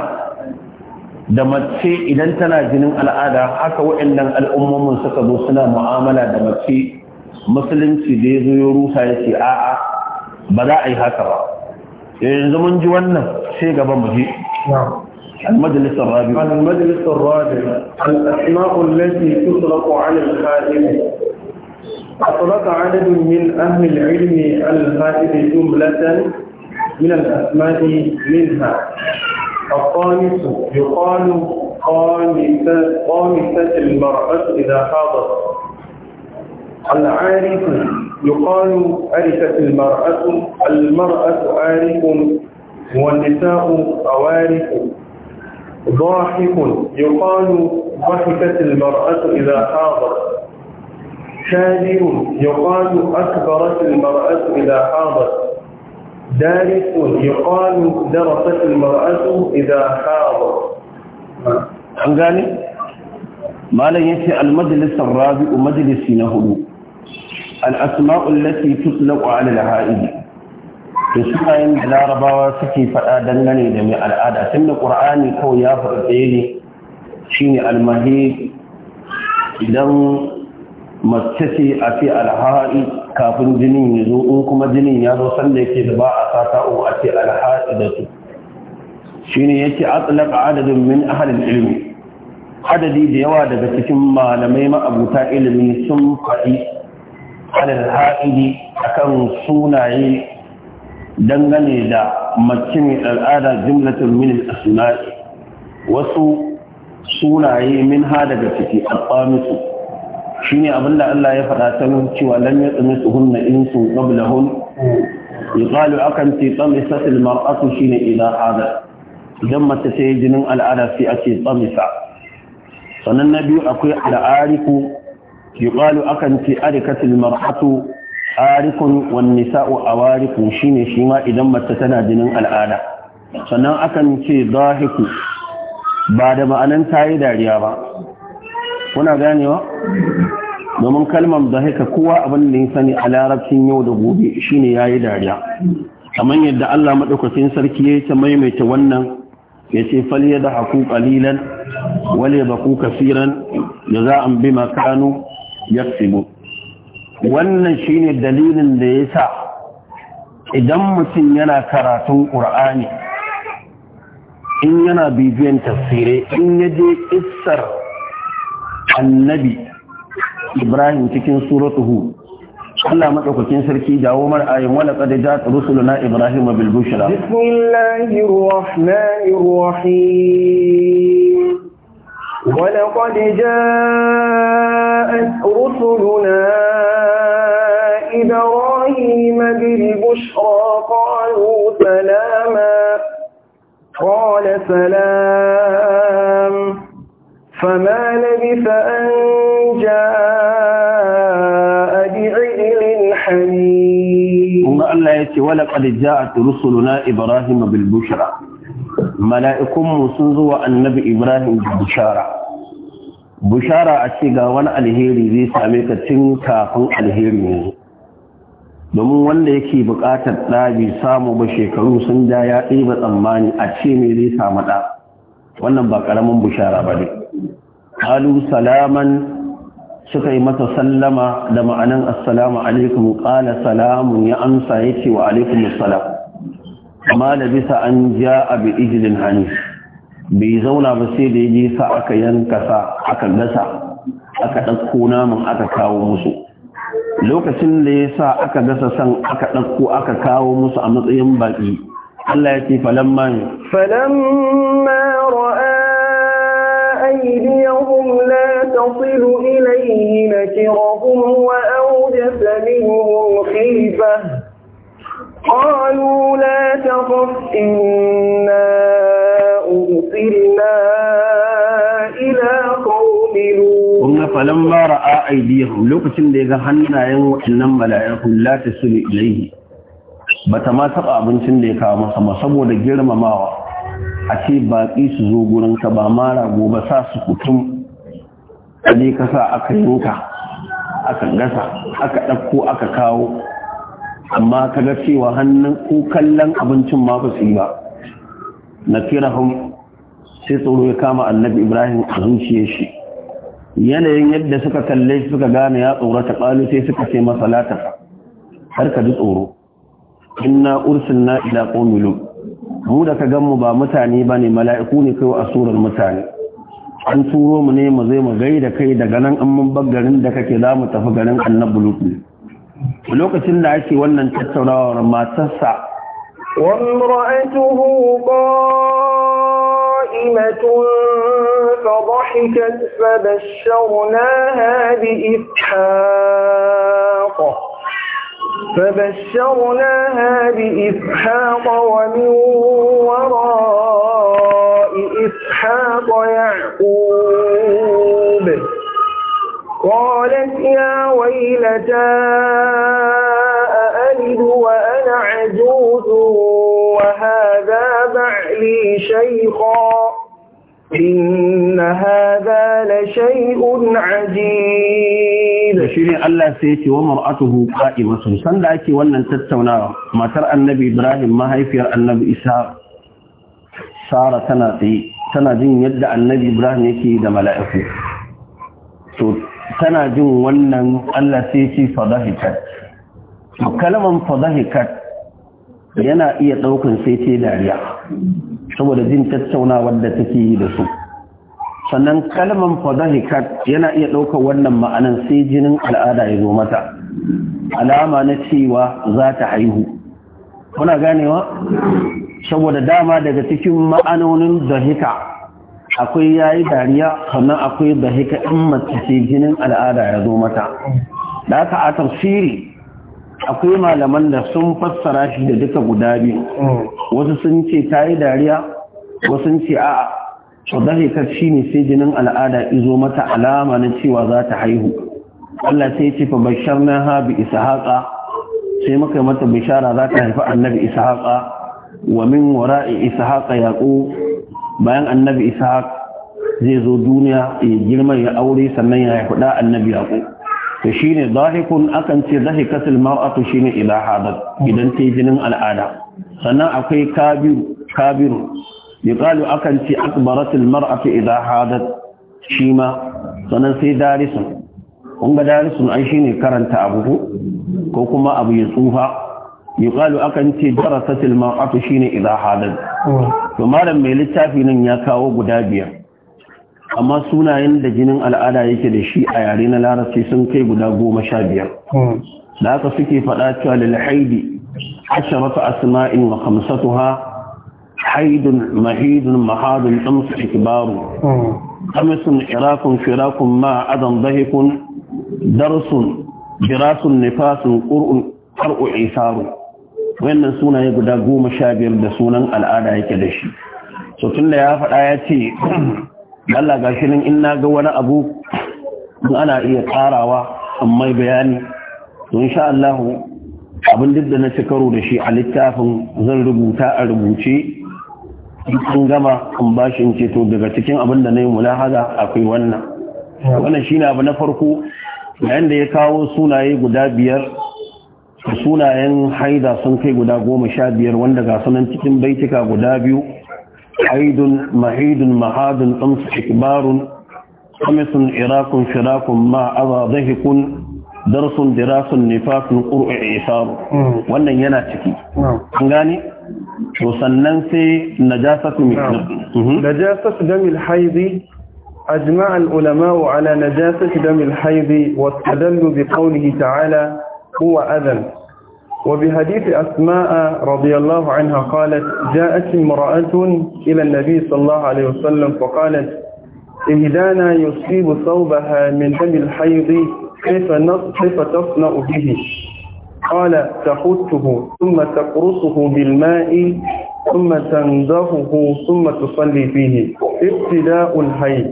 da mace idan tana jinin al'ada haka waɗannan al'ummomin suka zo suna mu'amala da mace musulunci da ya zo ya rusa ya ce a'a ba za a yi haka ba yanzu mun ji wannan sai gaba mu je المجلس الرابع المجلس الرابع الأسماء التي تطلق على الخادم أطلق عدد من أهل العلم الخادم جملة من الأسماء منها الطامس يقال قامسة خامسة المرأة إذا خاضت العارف يقال عرفت المرأة المرأة عارف والنساء عوارف ضاحك يقال ضحكت المرأة إذا حاضت شاذر يقال أكبرت المرأة إذا حاضت دارس يقال درست المرأة إذا حاضت عن ذلك ما لا يتي المجلس الرابع مجلس نهو الأسماء التي تطلق على العائد to sunayen da larabawa suke faɗa dangane da mai al'ada tun da ƙur'ani kawai ya faɗa tsaye ne shine almahi idan mace ce a ce alha'i kafin jinin ya zo in kuma jinin ya zo sanda yake da ba a sata o a ce alha'i da su shine yake atlaka adadin min ahalin ilmi adadi da yawa daga cikin malamai ma'abuta ilimi sun faɗi alal akan sunaye dangane da mace mai al'ada jimlatin min al wasu sunaye min ha daga ciki al-qamisu shine abinda Allah ya faɗa ta cewa lam yatmisuhunna insun qablahun yuqalu akan ti tamisat al-mar'atu ne idan hada idan mace ta yi jinin al'ada sai ake ce tsamisa sannan na biyu akwai al'ariku yuqalu akan ti arikatil mar'atu arikun wan a awarikun shine shi ma idan mace tana jinin al'ada sannan akan ce zahiku ba da ma'anan tayi dariya ba kuna ganewa domin kalmar zahika kowa abin da ya sani a larabcin yau da gobe shine yayi dariya kamar yadda Allah madaukakin sarki ya ta maimaita wannan ya ce falye da haku ƙalilan wale baku kasiran da za an bi makanu ya tsibu wannan shine dalilin da ya sa idan mutum yana karatun ƙur'ani in yana bibiyan tafsirai in ya je ƙissar annabi ibrahim cikin suratu hu Allah madaukakin sarki dawo mar ayin wala qad ja'at rusuluna ibrahim bil bushra bismillahir ولقد جاءت رسلنا إبراهيم بالبشرى قالوا سلاما قال سلام فما لبث أن جاء بعجل حميد الله يقول ولقد جاءت رسلنا إبراهيم بالبشرى mala'ikunmu sun zuwa annabi ibrahim da bishara bishara a ce ga wani alheri zai same ka cin kafin alheri ne domin wanda yake buƙatar ɗabi samu ba shekaru sun da ya ɗiba tsammani a ce mai zai samu ɗa wannan ba ƙaramin bishara ba ne Halu salaman suka yi mata sallama da ma'anan assalamu alaikum ƙala salamun ya amsa yake wa alaikum salam ma da bisa an ja abi ijilin hannu, bai zauna ba sai da yaje sa aka yanka sa aka gasa aka ɗauko namun aka kawo musu lokacin da ya sa aka gasa san aka ɗauko aka kawo musu a matsayin baƙi Allah ya ce falamma falamma ra'a أيديهم لا تصل إليه نكرهم وأوجس منهم خيفة قالوا لا تخف إنا أرسلنا إلى قوم لوط فلما رأى أيديهم لوكسن ديغا هنايين وإنما ملائكة لا تسل إليه bata ma taɓa abincin da ya kawo masa ma saboda girmamawa a ce baƙi su zo ka ba ma rago ba sa su kutum kaje ka aka yanka aka gasa aka ɗauko aka kawo amma ka ga cewa hannun ko kallon abincin ma ba su yi ba na hun sai tsoro ya kama annabi ibrahim a zuciya shi yanayin yadda suka kalle shi suka gane ya tsorata ƙalu sai suka ce masa latasa har ka ji tsoro inna na ila qawmilum mu da ka gan mu ba mutane ba ne, mala'iku ne kai wa asurar mutane an turo mu ne mu zai mu gaida kai daga nan an mun garin da kake za mu tafi garin annabi lutu lokacin da ake wannan tattaunawar matarsa وامرأته قائمة فضحكت فبشرناها بإسحاق فبشرناها بإسحاق ومن وراء إسحاق يعقوب قالت يا ويلتا أألد وأنا عجوز وهذا بعلي شيخا إن هذا لشيء عجيب شيرين الله سيتي ومرأته قائمة سندعك ولن تتونا ما ترى النبي إبراهيم ما هي في النبي إساء سارة تناطي تنادين يدعى النبي إبراهيم يكيد ملائكه tana jin wannan Allah sai shi fadahikat kalman fadahikat yana iya daukan sai ce dariya saboda jin tattaunawar da take yi da su sannan kalman fadahikat yana iya daukan wannan ma'anan sai jinin al'ada ya zo mata alama na cewa za ta haihu kuna ganewa saboda dama daga cikin ma'anonin zahika akwai yayi dariya sannan akwai da hika in mace ce jinin al'ada ya zo mata da haka a tafsiri akwai malaman da sun fassara shi da duka guda biyu wasu sun ce ta yi dariya wasu sun ce a'a to da shine sai jinin al'ada izo mata alama na cewa za ta haihu Allah sai ya ce fa basharnaha bi ishaqa sai muka mata bishara za ta haifi annabi ishaqa wa min wara'i ishaqa yaqub bayan annabi ishaq zai zo duniya ya girma ya aure sannan ya haifi da annabi yaƙo to shine zahikun akan ce zahikatul mar'atu shine idha hadat idan ta jinin al'ada sannan akwai kabiru kabiru yuqalu akan ce akbaratul mar'atu idha hadat shima sannan sai darisun kun ga an shine karanta abu ko kuma abu ya tsufa yuqalu akan ce darasatil maqaf shine idza hadal to malam mai littafi nan ya kawo guda biyar amma sunayen da jinin al'ada yake da shi a yare na larabci sun kai guda goma sha biyar da aka suke faɗa cewa lil haidi asharatu asma'in wa khamsatuha haidun mahidun mahadun amsu ikbaru qamsun iraqun firaqun ma adam dahikun darsun jirasun nifasun qur'un qar'u isaru wannan sunaye guda goma sha biyar da sunan al'ada yake da shi so tun da ya faɗa ya ce Allah ga shi nan in na ga wani abu in ana iya ƙarawa amma bayani to insha Allah abin duk da na ci karo da shi a littafin zan rubuta a rubuce an gama ba bashi in ceto daga cikin abin da na yi mulahaza akwai wannan wannan shine abu na farko yayin da ya kawo sunaye guda biyar sunayen haida sun kai guda goma sha biyar wanda ga sunan cikin baitika guda biyu haidun mahidun mahadun tsamsu ikbarun kamisun irakun firakun ma'aza zahikun darsun dirasun nifasun ƙur'a isaru hmm. wannan yana ciki an hmm. gane to sannan sai najasatu hmm. mhm. najasatu damil haidi أجمع العلماء على نجاسة دم الحيض والتدل بقوله ta'ala. هو أذى وبحديث أسماء رضي الله عنها قالت جاءت امرأة إلى النبي صلى الله عليه وسلم فقالت إهدانا يصيب صوبها من دم الحيض كيف كيف تصنع به قال تخته ثم تقرصه بالماء ثم تنزهه ثم تصلي فيه ابتداء الحيض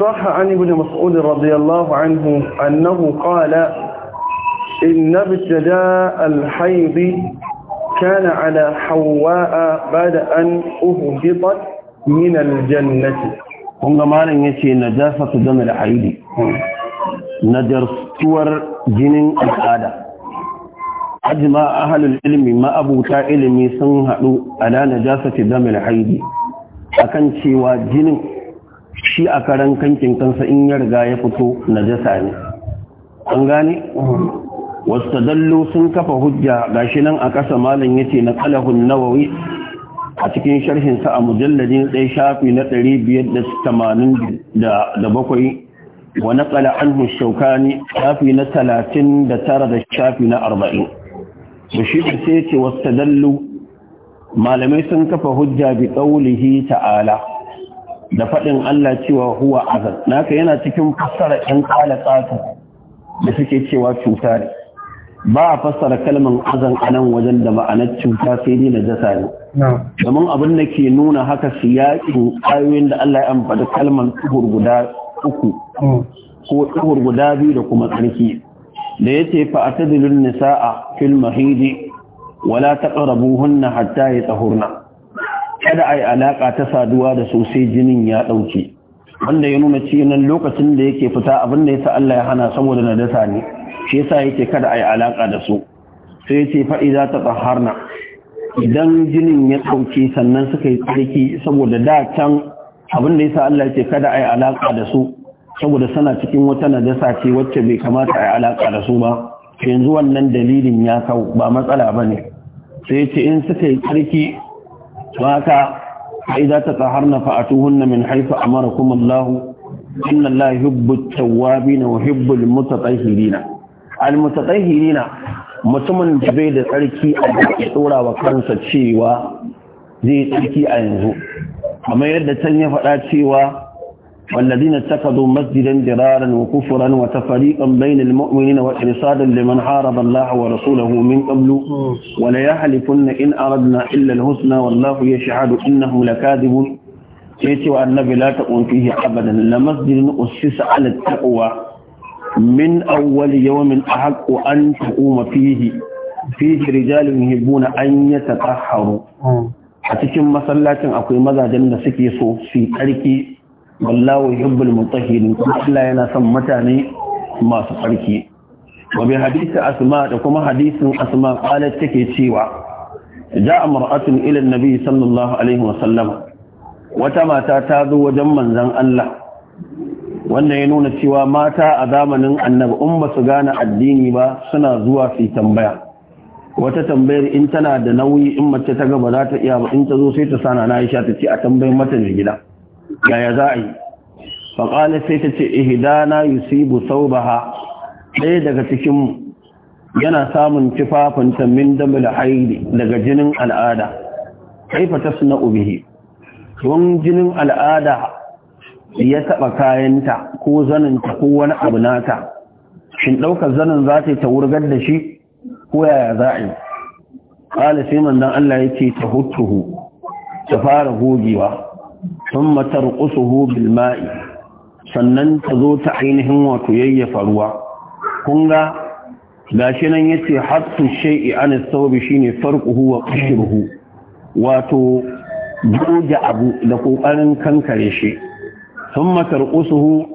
صح عن ابن مسعود رضي الله عنه أنه قال إن ابتداء الحيض a على حواء بعد أن أهبطت من الجنة kun ga malam ya ce na jasa su zama na jarsuwar jinin al'ada ajima ahalul ilmi ma'abuta ilimi sun haɗu ala na jasa su zama da haidi akan cewa jinin shi a karan kankin kansa in ya riga ya fito na jasa ne an wastadallu sun kafa hujja gashi nan a ƙasa malam yace na qalahun nawawi a cikin sharhin sa a mujalladin dai shafi na 587 wa naqala anhu shaukani shafi na 39 da shafi na 40 bashir sai yace wastadallu malamai sun kafa hujja bi qawlihi ta'ala da faɗin Allah cewa huwa azab naka yana cikin fassara ɗan kala tsatsa da suke cewa cuta ba a fassara kalman azan a nan wajen da ma'anar cuta sai dai najasa ne domin abin da ke nuna haka su siyaƙin ayoyin da Allah ya amfani kalman tuhur guda uku hmm. ko tuhur guda biyu da kuma tsarki da ya ce fa a atadilun nisa'a fil mahidi wala ta taqrabuhunna hatta yatahurna kada a yi alaƙa ta saduwa da sosai, jinin ya ɗauke wanda ya nuna cewa lokacin da yake fita abin da ya sa Allah ya hana saboda na dasa ne shi yasa yake kada a yi alaƙa da su sai ya ce fa'iza ta idan jinin ya ɗauke sannan suka yi tsarki saboda da can abin da yasa Allah ce kada a yi alaƙa da su saboda suna cikin wata najasa ce wacce bai kamata a yi alaƙa da su ba yanzu wannan dalilin ya kau ba matsala ba ne sai ce in suka yi tsarki mata fa'iza ta tsaharna fa'atuhunna min haifa amara kuma Allah inna Allah yuhibbu at-tawwabin wa yuhibbul mutatahhirina almutatsahirina mutumin da bai da tsarki a jiki kansa cewa zai tsarki a yanzu kamar yadda can ya faɗa cewa wallazi na taka masjidan jiraran wa kufuran wa tafariƙan bainal mu'minina liman haraba wa rasulahu min qablu wa la yahlifunna in aradna illa al-husna wallahu yashhadu innahum lakadibun sai cewa annabi la taqun fihi abadan la masjidun ussisa ala min awwal yawmin ahqqu an taquma fihi fihi rijalun yuhibbuna an yatatahharu a cikin masallacin akwai mazajen da suke so su yi tsarki wallahu yuhibbul mutahhirin Allah yana son mutane masu tsarki wa hadisi asma da kuma hadisin asma qalat take cewa ja'a mar'atun ila an-nabi sallallahu alaihi wa sallam wata mata ta zo wajen manzon Allah wannan ya nuna cewa mata a zamanin annabi in ba su gane addini ba suna zuwa su tambaya wata tambayar in tana da nauyi in mace ta gaba za ta iya ba in ta zo sai ta sana na aisha ta ce a tambayi mata mai gida yaya za a yi faƙalar sai ta ce ihidana yusibu saubaha ɗaya daga cikin yana samun tufafinta min damil haidi daga jinin al'ada kaifa suna ubihi. tun jinin al'ada ya taɓa kayanta ko zaninta ko wani abu nata shin ɗaukar zanin za ta yi ta wurgar da shi ko yaya za'a yi ƙala sai manzon Allah ya ce ta hutuhu ta fara gogewa sun matar ƙusuhu bil ma'i sannan ta zo ta ainihin wato yayyafa ruwa kun ga gashi nan yace hattu shay'i an thawbi shine farquhu wa qashruhu wato goge abu da ƙoƙarin kankare shi ثم ترقصه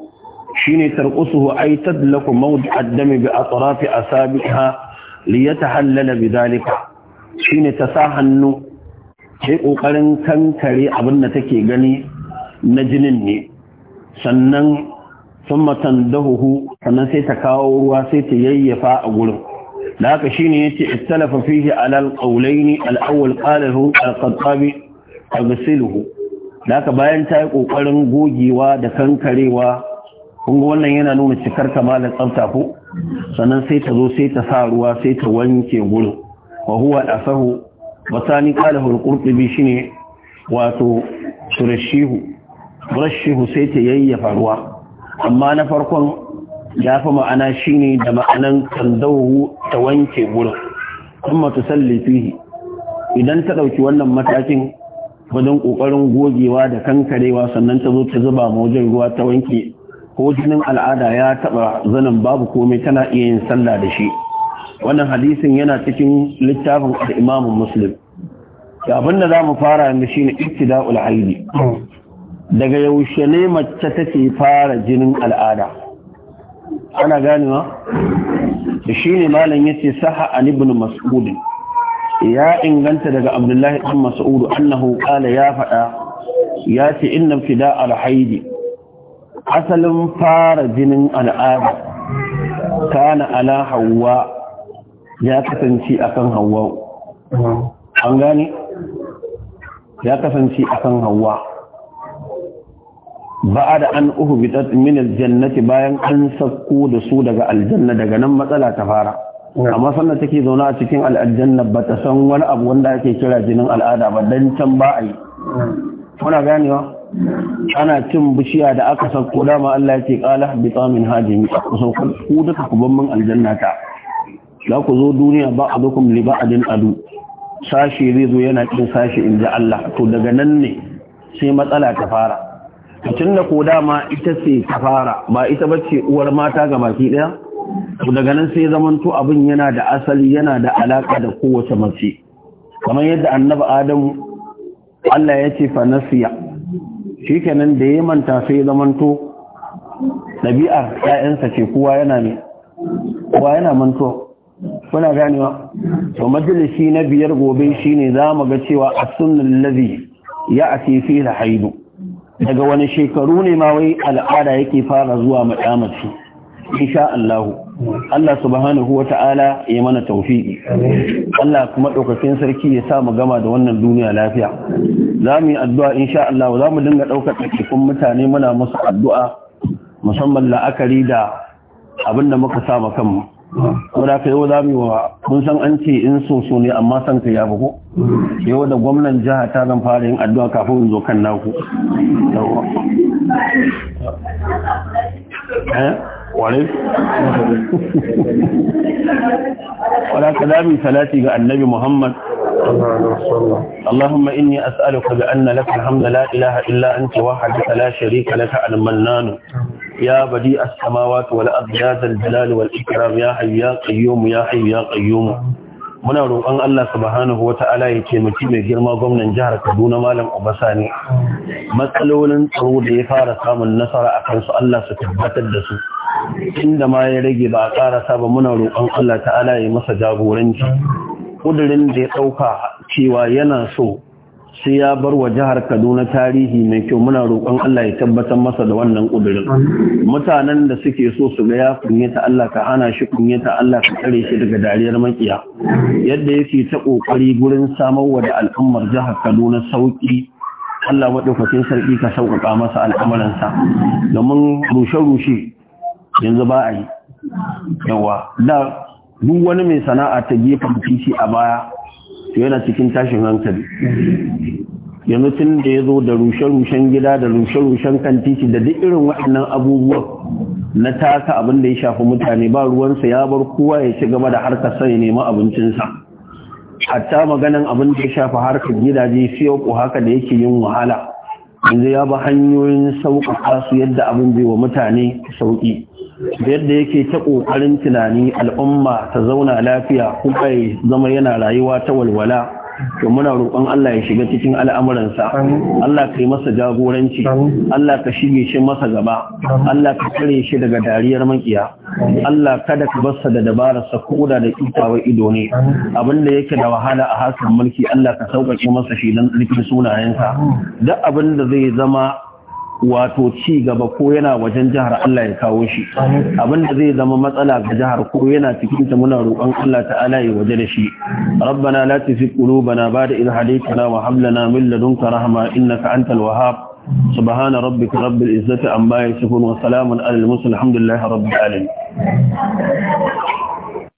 شين ترقصه أي a موضع الدم بأطراف أصابعها ليتحلل بذلك شين تساهن sai ƙoƙarin kankare abin da take gani na jinin ne sannan sun matan dahuhu sannan sai ta kawo ruwa sai ta yayyafa a gurin da haka shi ya ce alal ƙaulaini ƙalahu al-qattabi a da bayan ta yi ƙoƙarin gogewa da kankarewa kunga wannan yana nuna cikar kamalar tsafta ko sannan sai ta zo sai ta sa ruwa sai ta wanke gurin wa huwa asahu basani qala hul qurtubi shine wato turashihu turashihu sai ta yayyafa ruwa amma na farkon ya fi ma'ana shine da ma'anan kandawu ta wanke gurin kuma ta salli fihi idan ta ɗauki wannan matakin wajen ƙoƙarin gogewa da kankarewa sannan ta zo ta zuba ma wajen ruwa ta wanke ko jinin al'ada ya taba zanen babu komai tana iya yin sallah da shi wannan hadisin yana cikin littafin imamun muslim da abin da za mu fara yanzu shi ne ittida'ul aidi daga yaushe ne mace take fara jinin al'ada ana ganewa da shi ne malam yace saha an ibn mas'ud ya inganta daga abdullahi ɗan mas'udu annahu ƙala ya faɗa ya ce inna fida alhaidi asalin fara jinin al'ada kana ala hawa ya kasance akan hawa an gane ya kasance hawa ba da an uhu bitat min jannati bayan an sakko da su daga aljanna daga nan matsala ta fara amma sannan take zaune a cikin al'aljanna ba ta san wani abu wanda ake kira jinin al'ada ba dan can ba a yi muna ganewa ana cin bishiya da aka san ko dama Allah ya ce qala bi tamin hajimi ku ku duka ku ban aljanna ta za ku zo duniya ba adukum li ba'din adu sashi zai zo yana cin sashi inji Allah to daga nan ne sai matsala ta fara tun da ko dama ita ce ta fara ba ita bace uwar mata ga baki daya daga nan sai zamanto abin yana da asali yana da alaka da kowace mace kamar yadda annabi adamu Allah ya ce fa nasiya kenan da ya manta sai zamanto ɗabi'ar ƴaƴansa ce kowa yana ne kowa yana manto kuna ganewa to majalisi na biyar gobe shine za mu ga cewa as-sunnal ladhi ya'ti fihi haidu daga wani shekaru ne ma wai al'ada yake fara zuwa mace insha Allah Allah subhanahu wa ta'ala ya mana taufiƙi Allah kuma ɗaukakin sarki ya sa mu gama da wannan duniya lafiya za mu yi addu'a insha Allah za mu dinga ɗaukar ɗakikun mutane muna musu addu'a musamman la'akari da abin da muka sa ma kanmu wadda ka yau za mu yi wa kun san an ce in so so ne amma san ka ya buku yau da gwamnan jiha ta zan fara yin addu'a kafin in zo kan naku wane wala ka dami ga annabi muhammad Allahumma inni as'aluka bi anna laka alhamdu la ilaha illa anta wahdaka la sharika laka al-mannan ya badi as-samawati wal ardi zal jalali wal ikram ya hayy ya qayyum ya hayy ya qayyum muna roƙon Allah subhanahu wa ta'ala ya ce mu girma gwamnan jihar Kaduna malam Obasa ne matsalolin tsaro da ya fara samun nasara akan su Allah su tabbatar da su inda ma ya rage ba a karasa ba muna roƙon Allah ta'ala ya masa jagoranci ƙudurin da ya ɗauka cewa yana so sai ya bar wa jihar Kaduna tarihi mai kyau muna roƙon Allah ya tabbatar masa da wannan ƙudurin mutanen da suke so su ga ya kunyata Allah ka hana shi kunyata Allah ka tsare shi daga dariyar makiya yadda yake ta ƙoƙari gurin samarwa da al'ummar jihar Kaduna sauƙi Allah maɗaukakin sarki ka sauƙaƙa masa al'amuransa domin rushe-rushe yanzu ba a yi yawa da duk wani mai sana'a ta gefe titi a baya to yana cikin tashin hankali yanzu tun da ya zo da rushe-rushen gida da rushe-rushen kan titi da duk irin waɗannan abubuwan na taka abin da ya shafi mutane ba ruwansa ya bar kowa ya ci gaba da harkar sai nema abincinsa hatta maganan abin da ya shafi harkar gidaje fiye ku haka da yake yin wahala yanzu ya ba hanyoyin sauƙaƙa su yadda abin zai wa mutane sauƙi Da yadda yake ta ƙoƙarin tunani al'umma ta zauna lafiya kuma ya zama yana rayuwa ta walwala to muna roƙon Allah ya shiga cikin al'amuransa Allah ka yi masa jagoranci Allah ka shige shi masa gaba Allah ka kare shi daga dariyar makiya Allah kada ka barsa da sa koda da kitawa ido ne abinda yake da wahala a hasken mulki Allah ka sauƙaƙe masa shi dan tsarkin sunayensa duk abinda zai zama wato ci gaba ko yana wajen jihar Allah ya kawo shi abin da zai zama matsala ga jihar ko yana cikin ta muna roƙon Allah ta'ala ya waje da shi rabbana la tuzigh qulubana ba'da idh hadaytana wa hab lana min ladunka rahma innaka antal wahhab subhana rabbika rabbil izzati amma yasifun wa salamun alal mursalin alhamdulillahi rabbil alamin